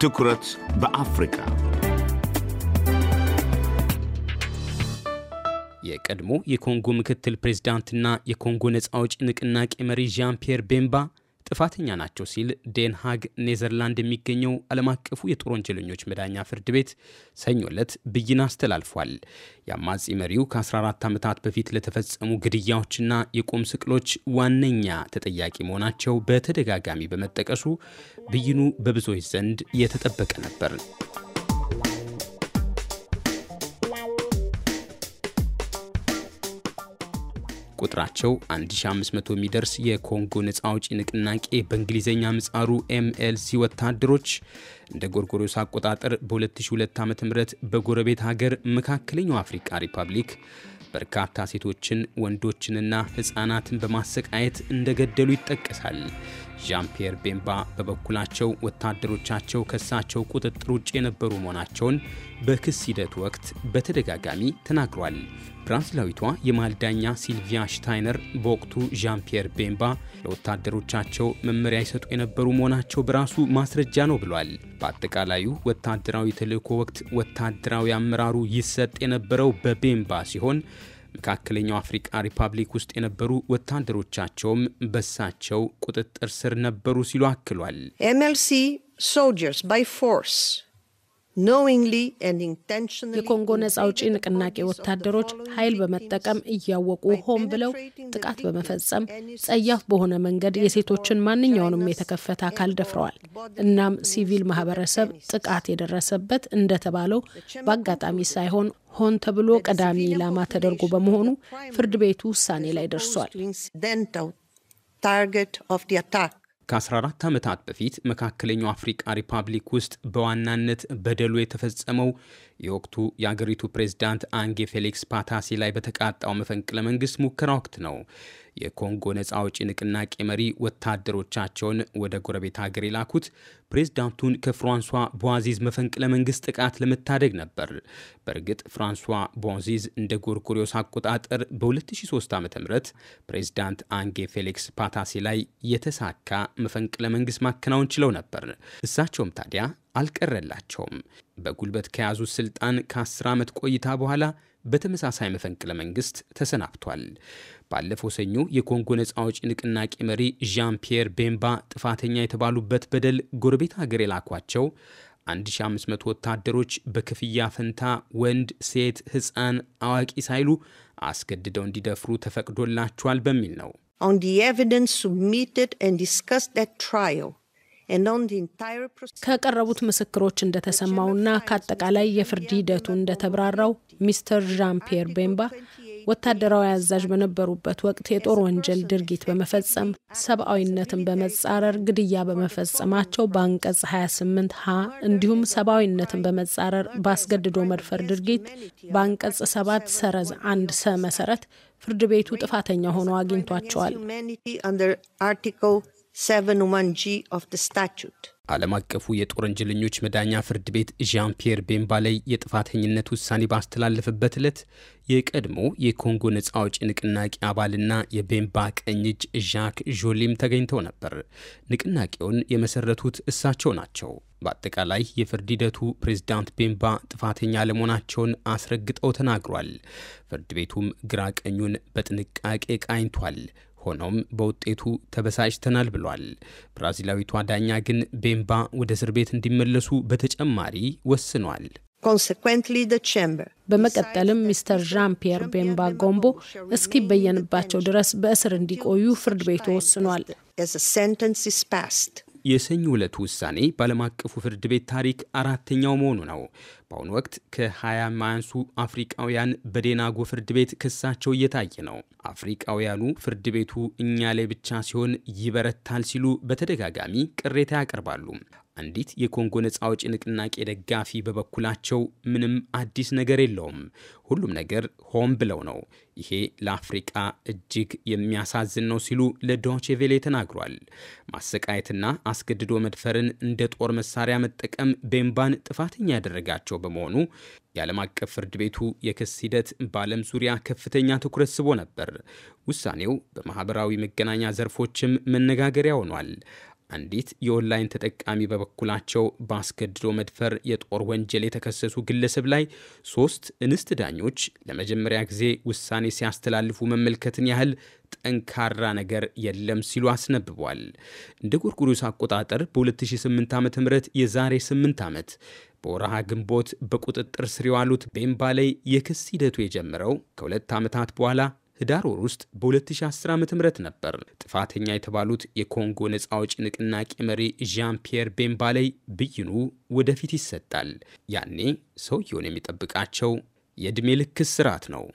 ትኩረት በአፍሪካ የቀድሞ የኮንጎ ምክትል ፕሬዝዳንትና የኮንጎ ነፃ አውጪ ንቅናቄ መሪ ዣን ፒየር ቤምባ ጥፋተኛ ናቸው ሲል ዴንሃግ ኔዘርላንድ የሚገኘው ዓለም አቀፉ የጦር ወንጀለኞች መዳኛ ፍርድ ቤት ሰኞ ዕለት ብይን አስተላልፏል። የአማጺ መሪው ከ14 ዓመታት በፊት ለተፈጸሙ ግድያዎችና የቁም ስቅሎች ዋነኛ ተጠያቂ መሆናቸው በተደጋጋሚ በመጠቀሱ ብይኑ በብዙዎች ዘንድ የተጠበቀ ነበር። ቁጥራቸው 1500 የሚደርስ የኮንጎ ነጻ አውጪ ንቅናቄ በእንግሊዝኛ ምጻሩ ኤምኤልሲ ወታደሮች እንደ ጎርጎሮስ አቆጣጠር በ2002 ም በጎረቤት ሀገር መካከለኛው አፍሪካ ሪፐብሊክ በርካታ ሴቶችን ወንዶችንና ሕፃናትን በማሰቃየት እንደገደሉ ይጠቀሳል። ዣምፒየር ቤምባ በበኩላቸው ወታደሮቻቸው ከሳቸው ቁጥጥር ውጭ የነበሩ መሆናቸውን በክስ ሂደት ወቅት በተደጋጋሚ ተናግሯል። ብራዚላዊቷ የማልዳኛ ሲልቪያ ሽታይነር በወቅቱ ዣምፒየር ቤምባ ለወታደሮቻቸው መመሪያ ይሰጡ የነበሩ መሆናቸው በራሱ ማስረጃ ነው ብሏል። በአጠቃላዩ ወታደራዊ ተልእኮ ወቅት ወታደራዊ አመራሩ ይሰጥ የነበረው በቤምባ ሲሆን መካከለኛው አፍሪቃ ሪፐብሊክ ውስጥ የነበሩ ወታደሮቻቸውም በሳቸው ቁጥጥር ስር ነበሩ ሲሉ አክሏል። ኤምኤልሲ ሶልጀርስ ባይ ፎርስ የኮንጎ ነጻ አውጪ ንቅናቄ ወታደሮች ኃይል በመጠቀም እያወቁ ሆን ብለው ጥቃት በመፈጸም ጸያፍ በሆነ መንገድ የሴቶችን ማንኛውንም የተከፈተ አካል ደፍረዋል። እናም ሲቪል ማህበረሰብ ጥቃት የደረሰበት እንደተባለው በአጋጣሚ ሳይሆን ሆን ተብሎ ቀዳሚ ኢላማ ተደርጎ በመሆኑ ፍርድ ቤቱ ውሳኔ ላይ ደርሷል። ከ14 ዓመታት በፊት መካከለኛው አፍሪቃ ሪፐብሊክ ውስጥ በዋናነት በደሉ የተፈጸመው የወቅቱ የአገሪቱ ፕሬዝዳንት አንጌ ፌሊክስ ፓታሴ ላይ በተቃጣው መፈንቅለ መንግስት ሙከራ ወቅት ነው። የኮንጎ ነፃ አውጪ ንቅናቄ መሪ ወታደሮቻቸውን ወደ ጎረቤት ሀገር የላኩት ፕሬዝዳንቱን ከፍራንሷ ቧዚዝ መፈንቅለ መንግስት ጥቃት ለመታደግ ነበር። በእርግጥ ፍራንሷ ቧዚዝ እንደ ጎርጎሪዮስ አቆጣጠር በ2003 ዓ ም ፕሬዝዳንት አንጌ ፌሊክስ ፓታሴ ላይ የተሳካ መፈንቅለ መንግስት ማከናወን ችለው ነበር። እሳቸውም ታዲያ አልቀረላቸውም። በጉልበት ከያዙት ስልጣን ከአስር ዓመት ቆይታ በኋላ በተመሳሳይ መፈንቅለ መንግስት ተሰናብቷል። ባለፈው ሰኞ የኮንጎ ነፃ አውጪ ንቅናቄ መሪ ዣን ፒየር ቤምባ ጥፋተኛ የተባሉበት በደል ጎረቤት ሀገር የላኳቸው 1500 ወታደሮች በክፍያ ፈንታ ወንድ፣ ሴት፣ ሕፃን፣ አዋቂ ሳይሉ አስገድደው እንዲደፍሩ ተፈቅዶላቸዋል በሚል ነው። On the evidence submitted and discussed at trial, ከቀረቡት ምስክሮች እንደተሰማውና ከአጠቃላይ የፍርድ ሂደቱ እንደተብራራው ሚስተር ዣን ፒየር ቤምባ ወታደራዊ አዛዥ በነበሩበት ወቅት የጦር ወንጀል ድርጊት በመፈጸም ሰብአዊነትን በመጻረር ግድያ በመፈጸማቸው በአንቀጽ 28 ሀ እንዲሁም ሰብአዊነትን በመጻረር በአስገድዶ መድፈር ድርጊት በአንቀጽ 7 ሰረዝ አንድ ሰ መሰረት ፍርድ ቤቱ ጥፋተኛ ሆኖ አግኝቷቸዋል። 701G ዓለም አቀፉ የጦር ወንጀለኞች መዳኛ ፍርድ ቤት ዣን ፒየር ቤምባ ላይ የጥፋተኝነት ውሳኔ ባስተላለፈበት ዕለት የቀድሞ የኮንጎ ነጻ አውጪ ንቅናቄ አባልና የቤምባ ቀኝ እጅ ዣክ ዦሊም ተገኝተው ነበር። ንቅናቄውን የመሰረቱት እሳቸው ናቸው። በአጠቃላይ የፍርድ ሂደቱ ፕሬዝዳንት ቤምባ ጥፋተኛ አለመሆናቸውን አስረግጠው ተናግሯል። ፍርድ ቤቱም ግራ ቀኙን በጥንቃቄ ቃኝቷል። ሆኖም በውጤቱ ተበሳጭተናል ብሏል። ብራዚላዊቷ ዳኛ ግን ቤምባ ወደ እስር ቤት እንዲመለሱ በተጨማሪ ወስኗል። በመቀጠልም ሚስተር ዣን ፒየር ቤምባ ጎምቦ እስኪበየንባቸው ድረስ በእስር እንዲቆዩ ፍርድ ቤቱ ወስኗል። የሰኞ ዕለት ውሳኔ በዓለም አቀፉ ፍርድ ቤት ታሪክ አራተኛው መሆኑ ነው። በአሁኑ ወቅት ከ20 ማያንሱ አፍሪቃውያን በዴናጎ ፍርድ ቤት ክሳቸው እየታየ ነው። አፍሪቃውያኑ ፍርድ ቤቱ እኛ ላይ ብቻ ሲሆን ይበረታል ሲሉ በተደጋጋሚ ቅሬታ ያቀርባሉ። አንዲት የኮንጎ ነጻ አውጪ ንቅናቄ ደጋፊ በበኩላቸው ምንም አዲስ ነገር የለውም፣ ሁሉም ነገር ሆን ብለው ነው፣ ይሄ ለአፍሪቃ እጅግ የሚያሳዝን ነው ሲሉ ለዶቼ ቬሌ ተናግሯል። ማሰቃየትና አስገድዶ መድፈርን እንደ ጦር መሳሪያ መጠቀም ቤምባን ጥፋተኛ ያደረጋቸው በመሆኑ የዓለም አቀፍ ፍርድ ቤቱ የክስ ሂደት በዓለም ዙሪያ ከፍተኛ ትኩረት ስቦ ነበር። ውሳኔው በማኅበራዊ መገናኛ ዘርፎችም መነጋገሪያ ሆኗል። አንዲት የኦንላይን ተጠቃሚ በበኩላቸው በአስገድዶ መድፈር የጦር ወንጀል የተከሰሱ ግለሰብ ላይ ሶስት እንስት ዳኞች ለመጀመሪያ ጊዜ ውሳኔ ሲያስተላልፉ መመልከትን ያህል ጠንካራ ነገር የለም ሲሉ አስነብቧል። እንደ ጎርጎሮስ አቆጣጠር በ2008 ዓ ም የዛሬ 8 ዓመት በወረሃ ግንቦት በቁጥጥር ስር የዋሉት ቤምባሌይ የክስ ሂደቱ የጀመረው ከሁለት ዓመታት በኋላ ህዳር ወር ውስጥ በ2010 ዓ ም ነበር ጥፋተኛ የተባሉት የኮንጎ ነፃ አውጪ ንቅናቄ መሪ ዣን ፒየር ቤምባሌይ ብይኑ ወደፊት ይሰጣል። ያኔ ሰውየውን የሚጠብቃቸው የዕድሜ ልክ እስራት ነው።